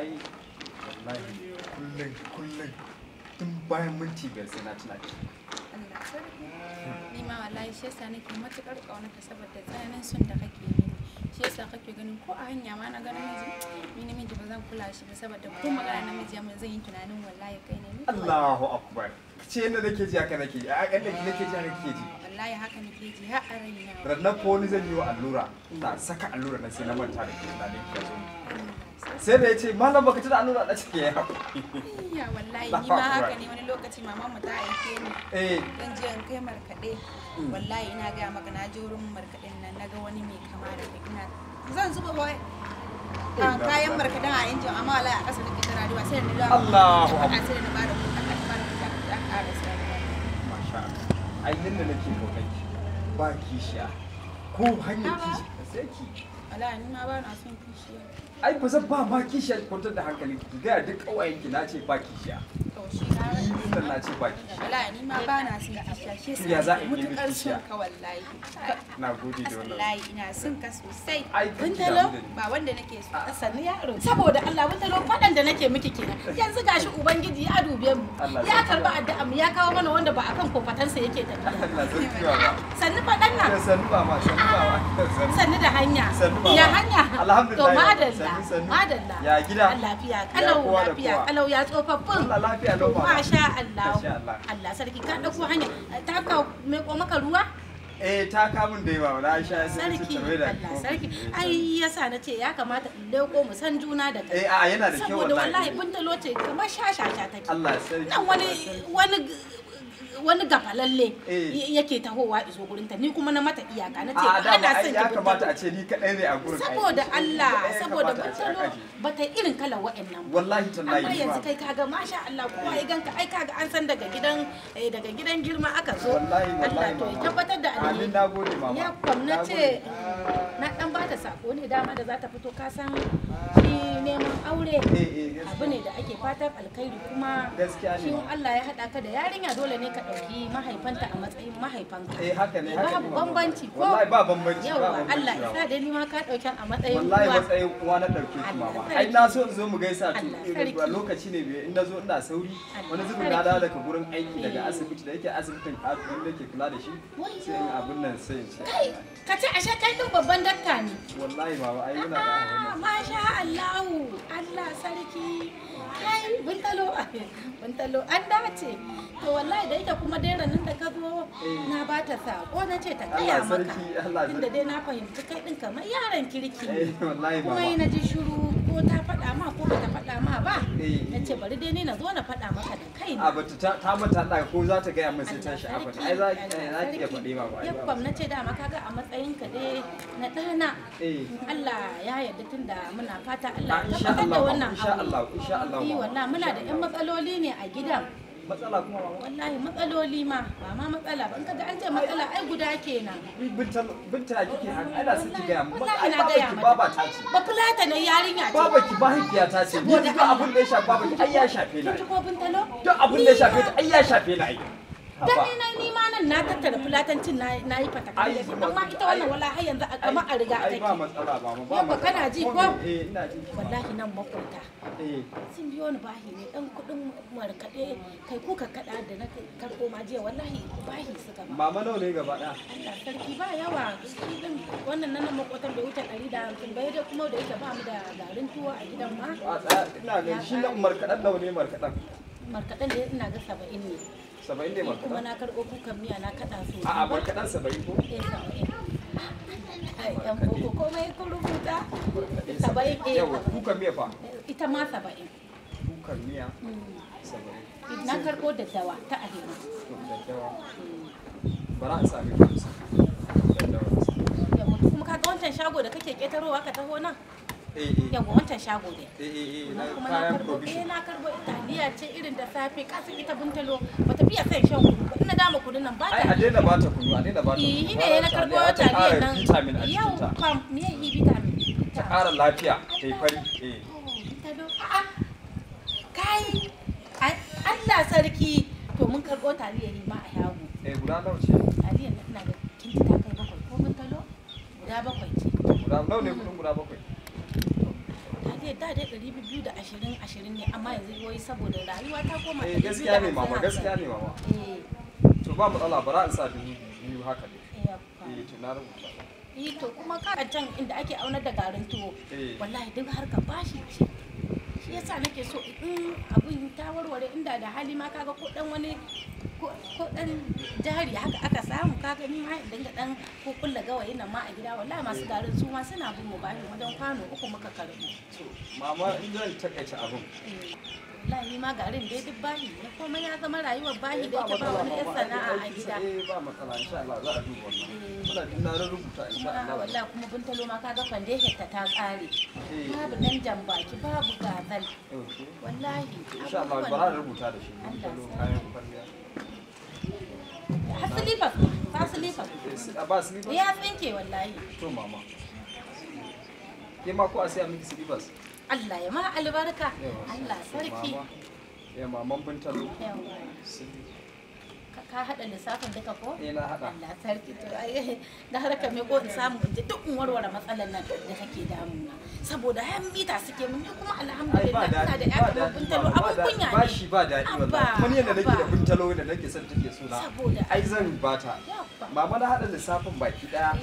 ai wallahi kullum kullum tun bayan minti biyar sai na tuna ki ni ma wallahi shi yasa nake matukar kaunarka saboda tsananin son da kake yi shi yasa kake ganin ko a hanya ma na ga namiji ni namiji ba zan kula shi ba saboda ko magana namiji ya mun zan yi tunanin wallahi kai ne Allahu akbar ce yadda nake ji haka nake ji a yan da nake ji haka nake ji wallahi haka nake ji har a raina ranar ko ni zan yi wa allura ina saka allura na sai na manta da ke da nake zo sai da ya ce malam baka tuna annura da cike ya ya wallahi ni ma haka ne wani lokaci mama mu ta aike ni eh dan je in kai markade mm. wallahi ina ga maka na je wurin markaden nan naga wani mai kama da ina zan zuba boy ah, kayan markaden a injin amma wallahi a kasa dake tana riwa sai da ni Allahu akbar sai da bada kuɗin da an ƙara sai masha Allah ai nan nake kokai ba kishiya ko hanyar kishi sai ki Ala na son Ai ba zan ba ma kishiya kwantar da hankali ki gaya duk ƙawayenki, na ce ba kishiya. sannan ce baki wallahi ba ba a sanni da yanzu gashi ubangiji ya dube mu ya karba addu'a mu ya kawo mana wanda ba akan kofatansa yake tafiya nan ba ma ba da hanya ya hanya alhamdulillah to madalla madalla ya gida lafiya kalau lafiya kalau ya tsofaffin lafiya Masha Allah. Allah sarki ka ɗauko hanya ta ka maka ruwa? Eh ta da yawa wala Allah sarki ai sa na ce ya kamata in leko mu san juna da kai. Eh a yana da kyau wallahi. Saboda wallahi buntalo ce kamar Allah sarki. Nan wani wani wani gaba lalle eh. yake tahowa izo gurin ta ni kuma na mata iyaka na ce ba ana son ki ya ta ce ni kadai ne a gurin saboda eh, Allah saboda ba bata irin kala wa'annan wallahi tallahi amma yanzu kai kaga masha Allah kowa ya ganka ai kaga an san daga gidan eh, daga gidan girma aka zo wallahi to ya tabbatar da alheri amin nagode mama ya kwam na ce na dan bata sako ne dama da za ta fito ka san shi neman aure abu ne da ake fatan alkhairi kuma shi Allah ya hada ka da yarinya dole ne ka ɗauki mahaifanta a matsayin mahaifanka eh, babu bambanci ko wallahi ba bambanci yawa Allah sa da ni ma ka ɗauki a matsayin uwa wallahi matsayin uwa na ɗauke ki mama ai na so in zo mu gaisa to lokaci ne bai in na ina sauri wani zubin na dawo daga gurin aiki daga eh. asibiti da yake asibitin asibitin da ke kula da shi sai in abin nan sai in ce ka ce ashe kai din babban dakka ne wallahi baba ai yana da ah, masha Allah Allah sarki ai buntalo buntalo an dace to wallahi da ita kuma dai nan da ka zo na ba ta sako na ce ta kaya maka inda dai na fahimci kai din kamar yaran kirki eh, kuma na ji shiru ko ta faɗa ma ko ba ta faɗa ma ba eh. na ce bari dai ni na zo na faɗa maka da a bata ta mata da ko za ta gaya min sai ta sha'afa ai za ki eh, iya faɗi ba ba yabbam na ce dama ga a matsayin ka dai na ɗana eh. Allah ya yarda tunda muna fata Allah ah, ya tabbatar da wannan abu insha Allah eh, insha Allah muna da ƴan matsaloli ne a gidan matsala kuma ba wallahi matsaloli ma ba ma matsala ban in ka ga an ce matsala ai guda kenan binta binta kike hannu gaya mu ai baba ta ce ba fulata ne yarinya ce baba ki mahaifiya ta ce ni duk abin da ya shafa baba ai ya shafe ni duk abin da ya shafe ta ai ya shafe na ai dan ni nan na tattara fulatancin na yi da fatakai amma ita wannan wala har yanzu a kama a riga take yau kana ji ko eh, wallahi nan makwabta eh. sun biyo ni bahi ne dan kudin markade kai ku ka kada da na karko ma jiya wallahi bahi suka ba mama nawa ne gaba daya Allah sarki ba yawa shi din wannan nan makwatan bai wuce 150 bai da kuma da yake ba mu da garin tuwo a gidan ma a tsaya ina ga shi nan markadan nawa ne markadan markadan da ina ga 70 ne saba'in eh, kuma na karɓo kukan miya na kaɗa su a'a markaɗan saba'in ko eh, saba'in yan boko komai kun rubuta saba'in eh yawa kukan miya fa eh, ita ma saba'in kukan miya mm. saba'in na karɓo da dawa ta da dawa mm. bara a sami kuma ga wancan shago da kake ƙetarowa ka taho nan Eh, eh, eh. yawa wancan shago ne kuma na karbo eh na karbo italiya ce irin da safe kasan ita buntalo ba ta fiya sai shan kunu ina dama kunu nan ba ta ai a ba ta kudu, a daina ba ta kunu ne na karbo italiya nan yau kam me yi vitamin ta ƙara lafiya ta yi fari eh oh, kai Allah sarki to mun karbo taliya ne ma a yago eh guda nawa ce taliya na ina da kinta kai bakwai ko buntalo guda bakwai ce guda nawa ne kunun guda bakwai ne da dai ɗari biyu da ashirin ashirin ne amma yanzu wai saboda rayuwa ta koma eh, ɗari biyu da hamsin mama gaskiya ne mama eh. to ba matsala za a sa dubu biyu haka ne eh to na rubuta eh to kuma can inda ake auna da garin tuwo eh. wallahi duk harka bashi ce shi yasa nake so in abun ta warware inda da hali ma kaga ko dan wani ko dan jari haka aka samu kaga ni ma ɗan dan ko kulla gawayi nan ma a gida wallahi masu garin su ma suna bin mu bayan wajen kwano uku muka to mama in takaice abun eh. wallahi ma garin dai duk bani ne kuma ya zama rayuwar bani eh, da yake ba wani yan sana'a a gida eh ba matsala insha Allah za a duba wannan eh. na rubuta insha Allah wallahi kuma ma kaga foundation ta kare eh. babu jambaki babu gazal wallahi insha Allah ba za a rubuta da shi buntalo kayan kwalliya ta silifas ba silifas ya tsinke wallahi mama ko a siya miki Allah ya ma albarka Allah sarki ya eh, maman ka haɗa lissafin duka ko? Eh na haɗa. Allah sarki to ai da haraka me ko samu in ji duk warware matsalar nan da take damuna. Saboda hayan mita suke mun kuma alhamdulillah ina da ƴaƙi kamar buntalo abun kunya ne. Ba ba daɗi wallahi. Kuma ni nake da buntalo da nake son take suna. Saboda ai zan bata. Mama na haɗa lissafin baki ɗaya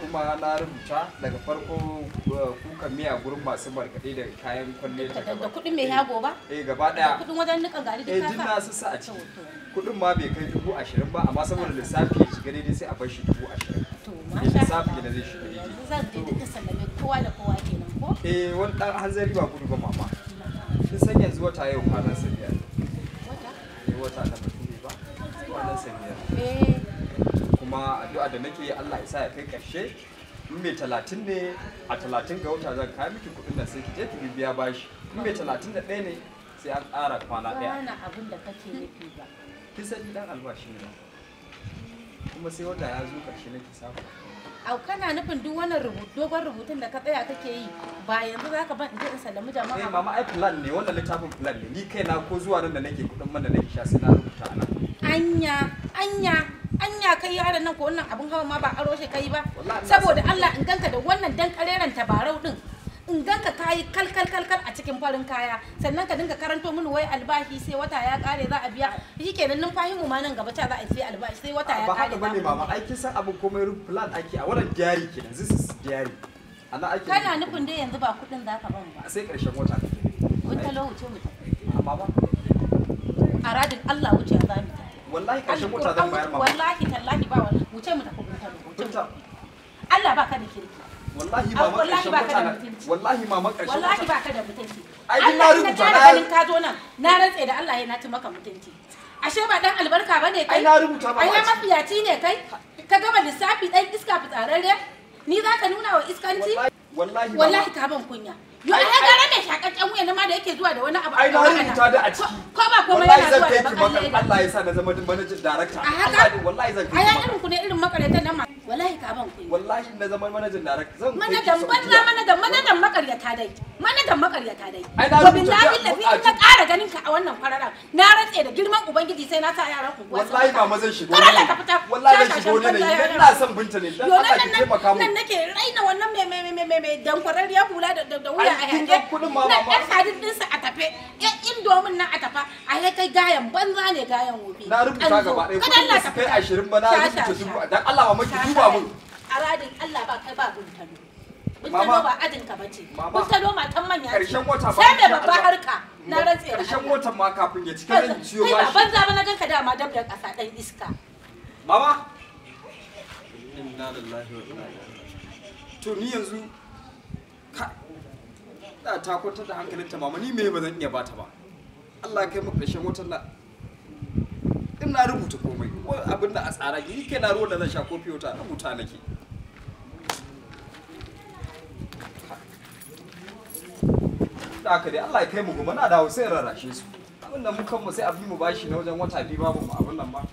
kuma na rubuta daga farko eh, kukan miya gurin masu markaɗe da kayan kwalle ta gaba. Da kuɗin mai yago ba? Eh gaba ɗaya. Da kuɗin wajen niƙa gari da Eh na su sa a ciki. kuɗin ma bai kai dubu ashirin ba amma saboda lissafi ya shiga daidai sai a bar shi dubu ashirin Da lissafi ne zai shiga daidai za ku duka sallame kowa da kowa kenan ko eh wani ɗan zai riba gudu ba mama kin san yanzu wata yau kwanan samiyar. wata eh wata na mutum ba kwanan samiyar. Eh. kuma addu'a da nake yi Allah ya sa ya kai ƙarshe in mai talatin ne a talatin ga wata zan kawo miki kuɗin da sai ki je ki biya bashi in mai talatin da ɗaya ne sai an ƙara kwana ɗaya. Ba abin da kake nufi ba. kin san dan albashi ne kuma sai wata ya zo karshe nake samu au kana nufin duk wannan rubutu dogon rubutun da ka tsaya kake yi ba yanzu zaka ban in je in sallami jama'a ba eh, mama ai plan ne wannan littafin plan ne ni kaina ko zuwa nan da nake kudin man da nake sha sai na rubuta ana anya anya anya kai yaran nan ko wannan abun hawa ma ba aro shi kai ba saboda Allah in ganka da wannan dan kareren tabarau din in ganka ta yi kalkal kalkal a cikin farin kaya sannan ka dinga karanto mini wai albashi sai wata ya kare za a biya shi kenan nan fahimu ma nan gaba ta za a sai albashi sai wata ya kare ba haka bane mama ai kin san abin komai plan ake a wannan gyari kenan this is gyari Allah ake kana nufin dai yanzu ba kudin za ka ban ba sai karshen wata kun ta wuce mu ta amma ba aradin Allah wuce za mu wallahi karshen wata zan bayar ma wallahi wallahi ba ma ƙarshen mutane wallahi ma ma ƙarshen wallahi ba ka da mutunci ai din na rubuta na ganin ka zo nan na rantse da Allah ya na ci maka mutunci ashe ba dan albarka bane kai ai na rubuta ba ai mafiyaci ne kai ka gaba lissafi dan iska fitsararre ni za ka nuna wa iskanci wallahi wallahi ka ban kunya yo ai ga rabe shakakken wuya ma da yake zuwa da wani abu ai na rubuta da a ciki ko ba komai yana zuwa da bakan Allah ya sa na zama manajin director wallahi zan kai wallahi zan kai ai irin ku ne irin makaratan nan wallahi ka ban kuɗi wallahi na zaman manajan na rak zan manajan banna manajan manajan makaryata dai manajan makaryata dai to billahi lafi in na ƙara ganin ka a wannan fararan na rantse da girman ubangiji sai na sa yaran ku wallahi ba ma zan shigo ne wallahi zan shigo ne ina son binta ne dan Allah ki taimaka mu nan nake raina wannan me me me me hula da da wuya a hange nan ɗan sadin sa a tafe indomin nan a tafa a ya kai gayan banza ne gayan wofi na rubuta gaba ɗaya kuɗin da suka kai ashirin ba na rubuta dubu dan Allah ma maki mun Allah ba kai ba guntalo karshen wata ba sai babba karshen wata ma kafin ya cika ran ba shi banza ba da iska mama inna lillahi wa inna ilaihi to ta mama ni me ba zan iya bata ba Allah kai mu karshen watan in na rubuta komai abin da a tsara yi kai na ruwa da zan sha kofi wata rubuta nake da aka dai Allah ya kai mu gobe na dawo sai rarrashe su abin da mu kanmu sai a bi mu bashi na wajen wata biyu babu abin nan ba